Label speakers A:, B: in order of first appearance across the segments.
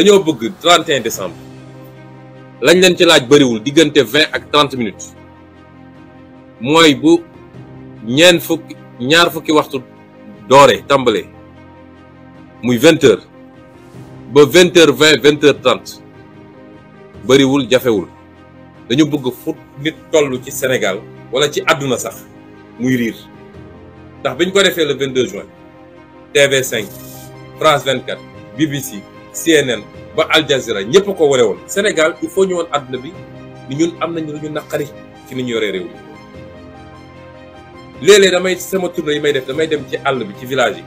A: dañoo bëgg 31 décembre lañ leen ci laaj bëriwul diggante 20 ak 30 minutes mooy bu ñeen fukki ñaar fukki waxtu doore tàmbalee muy 20 ba 20 heures 20 20 heures bëriwul jafewul dañu bëgg fu nit toll ci Sénégal wala ci àdduna sax muy riir ndax biñ ko defee le 22 juin TV5 France 24 BBC CNN ba Al Jazeera ñëpp ko ware woon Sénégal il faut ñu woon àdduna bi ni ñun am nañu lu naqari ci ni ñu yoree réew mi léeg-léeg damay sama tournée yi may def damay dem ci àll bi ci village yi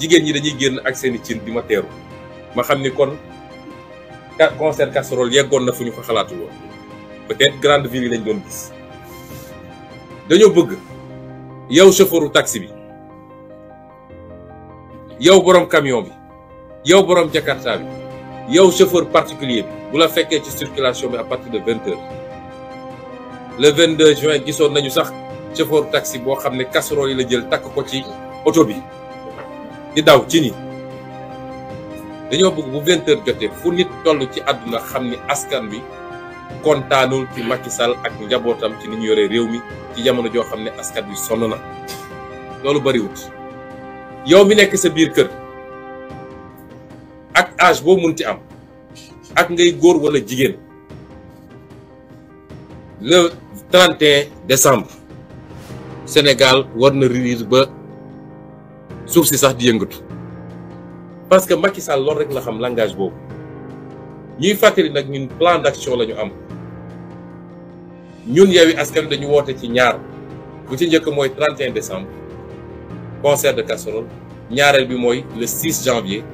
A: jigéen ñi dañuy génn ak seen cin di ma teeru ma xam ni kon concert casserole yeggoon na fu ñu ko xalaatu woon peut-être grande ville yi lañ doon gis dañoo bëgg yow chauffeuru taxi bi yow borom camion bi yow borom jakarta bi yow chauffeur particulier bu la fekkee ci circulation bi à de vingt le vingt deux juin gisoon nañu sax chauffeur taxi boo xam ne casserole yi la jël takk ko ci oto bi di daw ci ni dañoo bëgg bu vingt heures jotee fu nit toll ci àdduna xam ni askan bi kontaanul ci Macky Sall ak njabootam ci ni ñu yore réew mi ci jamono joo xam ne askan bi sonn na loolu bëriwut yow mi nekk sa biir kër ak âge boo mun ci am ak ngay góor wala jigéen le 31 décembre Sénégal war na riir ba suuf si sax di yëngatu parce que Macky Sall loolu rek la xam langage boobu ñuy fàttali nag ñun plan d'action la ñu am ñun Yewwi Askan dañu woote ci ñaar bu ci njëkk mooy 31 décembre concert de casserole ñaareel bi mooy le 6 janvier